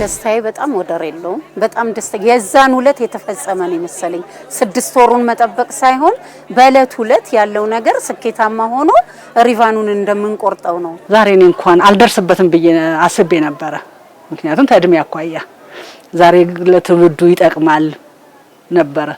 ደስታዬ በጣም ወደር የለውም። በጣም ደስታ የዛን ዕለት የተፈጸመ ነው የመሰለኝ። ስድስት ወሩን መጠበቅ ሳይሆን በእለት ሁለት ያለው ነገር ስኬታማ ሆኖ ሪቫኑን እንደምንቆርጠው ነው። ዛሬ እኔ እንኳን አልደርስበትም ብዬ አስቤ ነበረ። ምክንያቱም ተእድሜ አኳያ ዛሬ ለትውልዱ ይጠቅማል ነበረ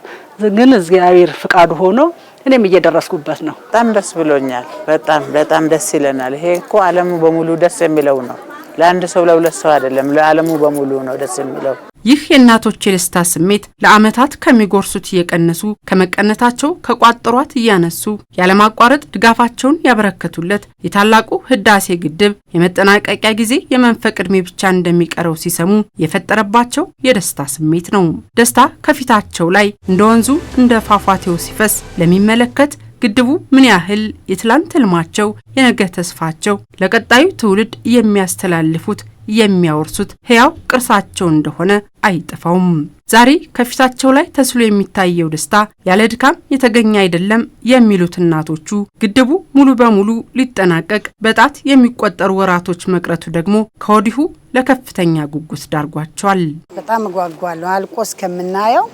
ግን እግዚአብሔር ፍቃዱ ሆኖ እኔም እየደረስኩበት ነው። በጣም ደስ ብሎኛል። በጣም በጣም ደስ ይለናል። ይሄ እኮ ዓለሙ በሙሉ ደስ የሚለው ነው። ለአንድ ሰው ለሁለት ሰው አይደለም፣ ለዓለሙ በሙሉ ነው ደስ የሚለው። ይህ የእናቶች የደስታ ስሜት ለዓመታት ከሚጎርሱት እየቀነሱ ከመቀነታቸው ከቋጠሯት እያነሱ ያለማቋረጥ ድጋፋቸውን ያበረከቱለት የታላቁ ህዳሴ ግድብ የመጠናቀቂያ ጊዜ የመንፈቅ ዕድሜ ብቻ እንደሚቀረው ሲሰሙ የፈጠረባቸው የደስታ ስሜት ነው። ደስታ ከፊታቸው ላይ እንደ ወንዙ እንደ ፏፏቴው ሲፈስ ለሚመለከት ግድቡ ምን ያህል የትላንት ህልማቸው፣ የነገ ተስፋቸው፣ ለቀጣዩ ትውልድ የሚያስተላልፉት የሚያወርሱት ህያው ቅርሳቸው እንደሆነ አይጠፋውም። ዛሬ ከፊታቸው ላይ ተስሎ የሚታየው ደስታ ያለ ድካም የተገኘ አይደለም የሚሉት እናቶቹ ግድቡ ሙሉ በሙሉ ሊጠናቀቅ በጣት የሚቆጠሩ ወራቶች መቅረቱ ደግሞ ከወዲሁ ለከፍተኛ ጉጉት ዳርጓቸዋል። በጣም እጓጓለሁ። አልቆ እስከምናየው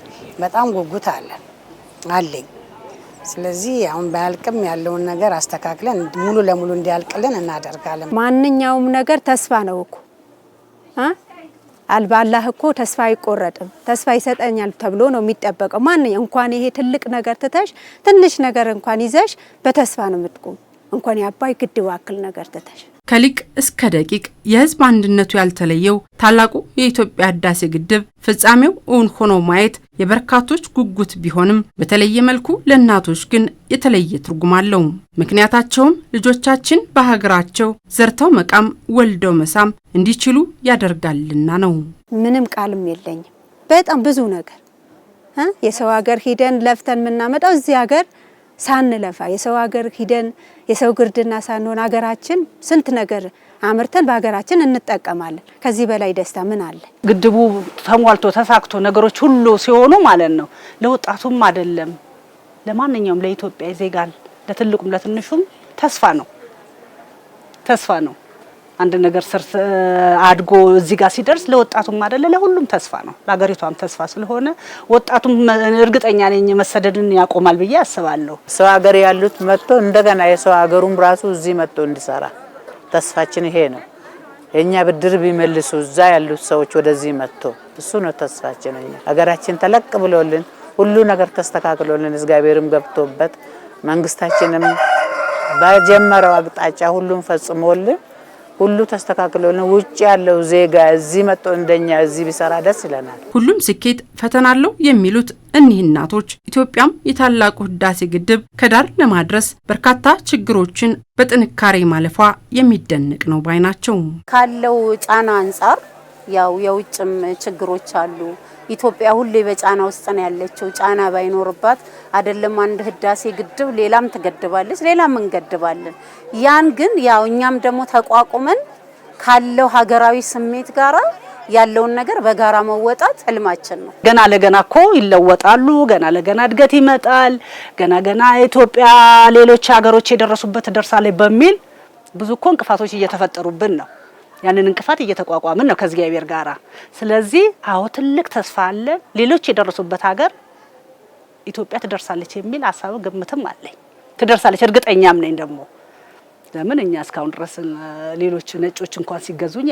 በጣም ጉጉት አለ አለኝ። ስለዚህ አሁን ባያልቅም ያለውን ነገር አስተካክለን ሙሉ ለሙሉ እንዲያልቅልን እናደርጋለን። ማንኛውም ነገር ተስፋ ነው እኮ አልባላህ እኮ ተስፋ አይቆረጥም። ተስፋ ይሰጠኛል ተብሎ ነው የሚጠበቀው። ማንኛ እንኳን ይሄ ትልቅ ነገር ትተሽ ትንሽ ነገር እንኳን ይዘሽ በተስፋ ነው የምትቆም። እንኳን የአባይ ግድብ አክል ነገር ትተሽ ከሊቅ እስከ ደቂቅ የህዝብ አንድነቱ ያልተለየው ታላቁ የኢትዮጵያ ህዳሴ ግድብ ፍጻሜው እውን ሆኖ ማየት የበርካቶች ጉጉት ቢሆንም በተለየ መልኩ ለእናቶች ግን የተለየ ትርጉም አለው። ምክንያታቸውም ልጆቻችን በሀገራቸው ዘርተው መቃም ወልደው መሳም እንዲችሉ ያደርጋልና ነው። ምንም ቃልም የለኝም። በጣም ብዙ ነገር የሰው ሀገር ሂደን ለፍተን የምናመጣው እዚህ ሀገር ሳንለፋ የሰው ሀገር ሂደን የሰው ግርድና ሳንሆን ሀገራችን ስንት ነገር አምርተን በሀገራችን እንጠቀማለን። ከዚህ በላይ ደስታ ምን አለ? ግድቡ ተሟልቶ ተሳክቶ ነገሮች ሁሉ ሲሆኑ ማለት ነው ለወጣቱም አይደለም ለማንኛውም ለኢትዮጵያ ዜጋል ለትልቁም ለትንሹም ተስፋ ነው ተስፋ ነው። አንድ ነገር ስር አድጎ እዚህ ጋር ሲደርስ ለወጣቱም አይደለ ለሁሉም ተስፋ ነው፣ ለሀገሪቷም ተስፋ ስለሆነ ወጣቱም እርግጠኛ ነኝ መሰደድን ያቆማል ብዬ አስባለሁ። ሰው ሀገር ያሉት መጥቶ እንደገና የሰው ሀገሩም ራሱ እዚህ መጥቶ እንዲሰራ ተስፋችን ይሄ ነው። የእኛ ብድር ቢመልሱ እዛ ያሉት ሰዎች ወደዚህ መጥቶ እሱ ነው ተስፋችን። ሀገራችን ተለቅ ብሎልን ሁሉ ነገር ተስተካክሎልን እግዚአብሔርም ገብቶበት መንግስታችንም በጀመረው አቅጣጫ ሁሉም ፈጽሞልን ሁሉ ተስተካክሎ ነው ውጭ ያለው ዜጋ እዚህ መጥቶ እንደኛ እዚህ ቢሰራ ደስ ይለናል። ሁሉም ስኬት ፈተና አለው የሚሉት እኒህ እናቶች ኢትዮጵያም የታላቁ ህዳሴ ግድብ ከዳር ለማድረስ በርካታ ችግሮችን በጥንካሬ ማለፏ የሚደንቅ ነው ባይ ናቸው። ካለው ጫና አንጻር ያው የውጭም ችግሮች አሉ። ኢትዮጵያ ሁሌ በጫና ውስጥ ነው ያለችው። ጫና ባይኖርባት አይደለም አንድ ህዳሴ ግድብ ሌላም ትገድባለች፣ ሌላም እንገድባለን። ያን ግን ያው እኛም ደግሞ ተቋቁመን ካለው ሀገራዊ ስሜት ጋራ ያለውን ነገር በጋራ መወጣት ህልማችን ነው። ገና ለገና እኮ ይለወጣሉ። ገና ለገና እድገት ይመጣል። ገና ገና ኢትዮጵያ ሌሎች ሀገሮች የደረሱበት ላይ በሚል ብዙ እኮ እንቅፋቶች እየተፈጠሩብን ነው። ያንን እንቅፋት እየተቋቋምን ነው ከእግዚአብሔር ጋራ። ስለዚህ አዎ ትልቅ ተስፋ አለ። ሌሎች የደረሱበት ሀገር ኢትዮጵያ ትደርሳለች የሚል ሀሳብ ግምትም አለኝ። ትደርሳለች እርግጠኛም ነኝ ደግሞ ለምን እኛ እስካሁን ድረስ ሌሎች ነጮች እንኳን ሲገዙኝ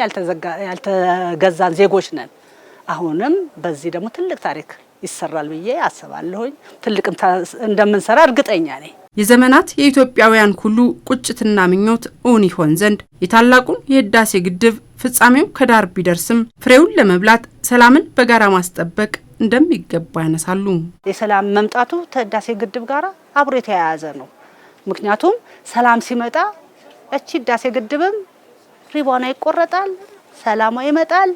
ያልተገዛን ዜጎች ነን። አሁንም በዚህ ደግሞ ትልቅ ታሪክ ይሰራል ብዬ አስባለሁኝ። ትልቅም እንደምንሰራ እርግጠኛ ነኝ። የዘመናት የኢትዮጵያውያን ሁሉ ቁጭትና ምኞት እውን ይሆን ዘንድ የታላቁን የህዳሴ ግድብ ፍጻሜው ከዳር ቢደርስም ፍሬውን ለመብላት ሰላምን በጋራ ማስጠበቅ እንደሚገባ ያነሳሉ። የሰላም መምጣቱ ከህዳሴ ግድብ ጋር አብሮ የተያያዘ ነው። ምክንያቱም ሰላም ሲመጣ እቺ ህዳሴ ግድብም ሪቧና ይቆረጣል፣ ሰላሟ ይመጣል፣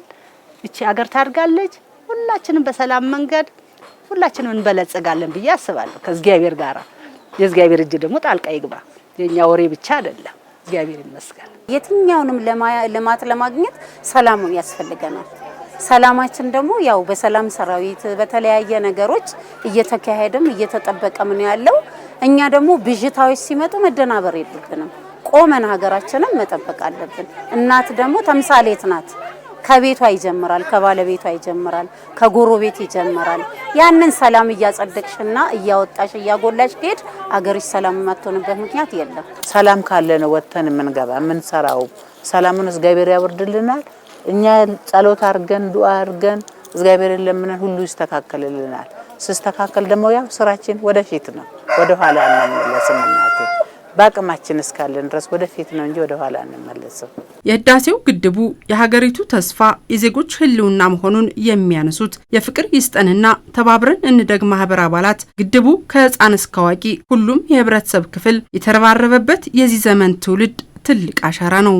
እቺ አገር ታድጋለች። ሁላችንም በሰላም መንገድ ሁላችንም እንበለጽጋለን ብዬ አስባለሁ። ከእግዚአብሔር ጋር የእግዚአብሔር እጅ ደግሞ ጣልቃ ይግባ። የእኛ ወሬ ብቻ አይደለም። እግዚአብሔር ይመስገን። የትኛውንም ልማት ለማግኘት ሰላሙን ያስፈልገናል። ሰላማችን ደግሞ ያው በሰላም ሰራዊት በተለያየ ነገሮች እየተካሄደም እየተጠበቀም ነው ያለው። እኛ ደግሞ ብዥታዎች ሲመጡ መደናበር የለብንም። ቆመን ሀገራችንን መጠበቅ አለብን። እናት ደግሞ ተምሳሌት ናት። ከቤቷ ይጀምራል፣ ከባለቤቷ ይጀምራል፣ ከጎረቤት ይጀምራል። ያንን ሰላም እያጸደቅሽና እያወጣሽ እያጎላሽ ሄድ አገርሽ ሰላም የማትሆንበት ምክንያት የለም። ሰላም ካለ ነው ወጥተን የምንገባ የምንሰራው። ሰላሙን እግዚአብሔር ያወርድልናል። እኛ ጸሎት አድርገን ዱአ አድርገን እግዚአብሔር ለምንን ሁሉ ይስተካከልልናል። ስስተካከል ደግሞ ያው ስራችን ወደፊት ነው፣ ወደ ኋላ አንመለስም እናቴ በአቅማችን እስካለን ድረስ ወደፊት ነው እንጂ ወደ ኋላ አንመለስም። የህዳሴው ግድቡ የሀገሪቱ ተስፋ የዜጎች ህልውና መሆኑን የሚያነሱት የፍቅር ይስጠንና ተባብረን እንደግ ማህበር አባላት ግድቡ ከህፃን እስከ አዋቂ ሁሉም የህብረተሰብ ክፍል የተረባረበበት የዚህ ዘመን ትውልድ ትልቅ አሻራ ነው።